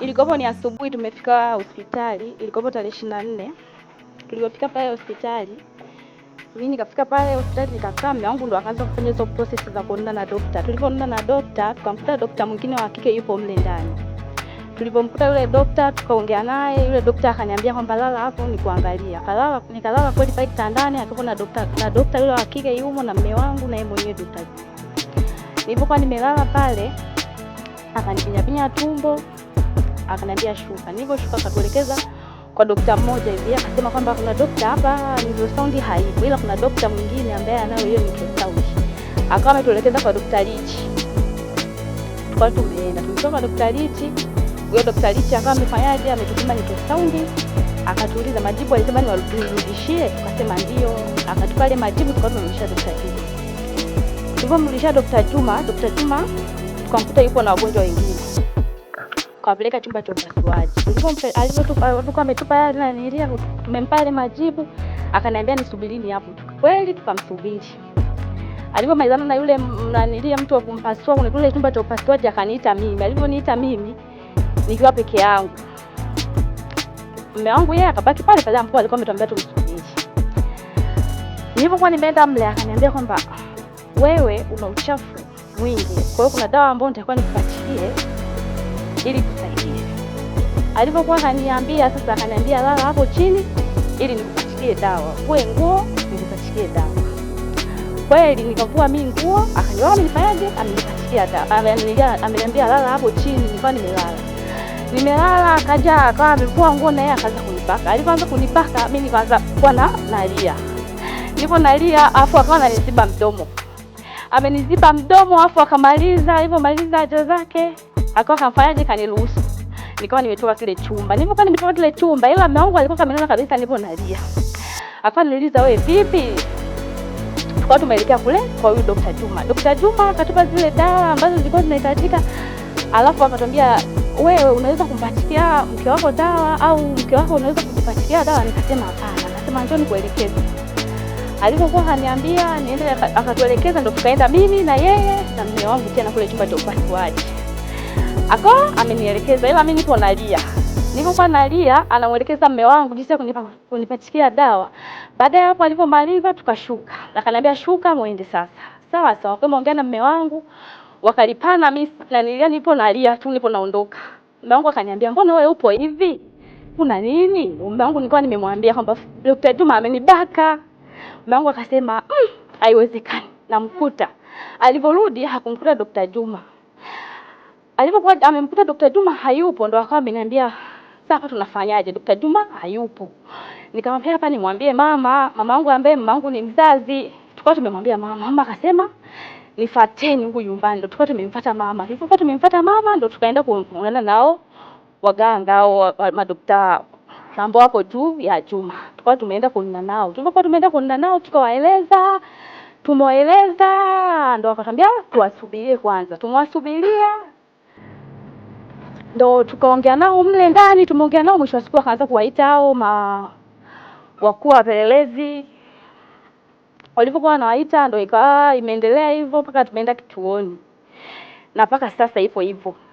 Ilikuwapo ni asubuhi, tumefika hospitali, ilikuwapo tarehe ishirini na nne. Tulipofika pale hospitali, mimi nikafika pale hospitali nikakaa, mume wangu ndo akaanza kufanya hizo process za kuonana na dokta. Tulipoonana na dokta, tukamkuta dokta mwingine wa kike yupo mle ndani. Tulipomkuta yule dokta, tukaongea naye, yule dokta akaniambia kwamba lala hapo nikuangalia. Kalala, nikalala kweli pale kitandani, akapo na dokta, na dokta yule wa kike yumo na mume wangu na yeye mwenyewe daktari. Nilipokuwa nimelala pale, akanipinya pinya tumbo akaniambia shuka. Nilivyoshuka akatuelekeza kwa dokta mmoja hivi, akasema kwamba kuna dokta hapa ultrasound haipo, ila kuna dokta mwingine ambaye anayo hiyo ultrasound. Akawa ametuelekeza kwa dokta Lichi, tukawa tumeenda tumetoka kwa dokta Lichi. Huyo dokta Lichi akawa amefanyaje, ametupima ultrasound, akatuuliza majibu, alisema ni warudishie, tukasema ndio, akatupa ile majibu, tukawa tumemrudishia dokta Juma. Tulipomrudishia dokta Juma, dokta Juma tukamkuta yupo na wagonjwa wengine ukawapeleka chumba cha upasuaji. Alivyokuwa ametupa yale nilia, tumempa yale majibu, akaniambia nisubirini hapo tu. Kweli tukamsubiri. Alivyomalizana na yule nanilia mtu wa kumpasua kwenye kile chumba cha upasuaji, akaniita mimi. Alivyoniita mimi nikiwa peke yangu, mume wangu yeye akabaki pale pale ambapo alikuwa ametuambia tumsubiri. Nilipokuwa nimeenda mle, akaniambia kwamba wewe una uchafu mwingi, kwa hiyo kuna dawa ambayo nitakuwa nikupatie ili tusaidie. Alipokuwa kaniambia sasa, akaniambia lala hapo chini ili nikupachikie dawa, vue nguo nikupachikie dawa. Kweli nikavua mimi nguo, akaniambia amenifanyaje? Amenipachikia dawa, ameniambia lala hapo chini. Nilikuwa nimelala nimelala, akaja akawa amevua nguo naye akaanza kunipaka. Alipoanza kunipaka mimi nikaanza kuwa na nalia, nipo nalia, afu akawa ananiziba mdomo ameniziba mdomo afu akamaliza, alivyomaliza haja zake akawa kafanyaje, kaniruhusu nikawa nimetoka kile chumba. Nilipokuwa nimetoka kile chumba, ila mume wangu alikuwa kamenona kabisa nilipo nalia. Akawa niuliza wewe vipi? Tukawa tumeelekea kule kwa huyu Dr. Juma. Dr. Juma akatupa zile dawa ambazo zilikuwa zinahitajika. Alafu akatwambia wewe unaweza kumpatikia mke wako dawa au mke wako unaweza kujipatikia dawa. Nikasema hapana, nasema njoo nikuelekeze. Alipokuwa kaniambia niende, akatuelekeza, ndo tukaenda mimi na yeye na mume wangu tena kule chumba cha upasuaji. Ako amenielekeza ila mimi niko nalia. Nilipokuwa nalia anamuelekeza mume wangu jinsi ya kunipa kunipatikia dawa. Baada ya hapo alipomaliza tukashuka. Akaniambia shuka muende sasa. Sawa sawa, Kwa ongea na mume wangu wakalipana mimi na nilia nipo nalia tu nipo naondoka. Mume wangu akaniambia mbona wewe upo hivi? Kuna nini? Mume wangu nilikuwa nimemwambia kwamba Dr. Juma amenibaka. Mume wangu akasema, mm, "Haiwezekani." namkuta. Alivorudi hakumkuta Dr. Juma. Alipokuwa amemkuta Dr. Juma hayupo, ndo akawa ameniambia sasa tunafanyaje? Dr. Juma hayupo. Nikamwambia hapa nimwambie mama, mama wangu ambaye mama wangu ni mzazi. Tukawa tumemwambia mama, mama akasema nifateni huku nyumbani, ndo tukawa tumemfuata mama. Tulipokuwa tumemfuata mama, ndo tukaenda kuonana nao waganga au madokta ambao hapo tu ya Juma. Tukawa tumeenda kuonana nao. Tulipokuwa tumeenda kuonana nao, tukawaeleza tumewaeleza, ndo akatambia tuwasubirie kwanza. Tumwasubiria ndo tukaongea nao mle ndani, tumeongea nao mwisho wa siku akaanza kuwaita hao ma wakuu wa wapelelezi. Walivyokuwa wanawaita ndo ikawa imeendelea hivyo mpaka tumeenda kituoni na mpaka sasa ipo hivyo.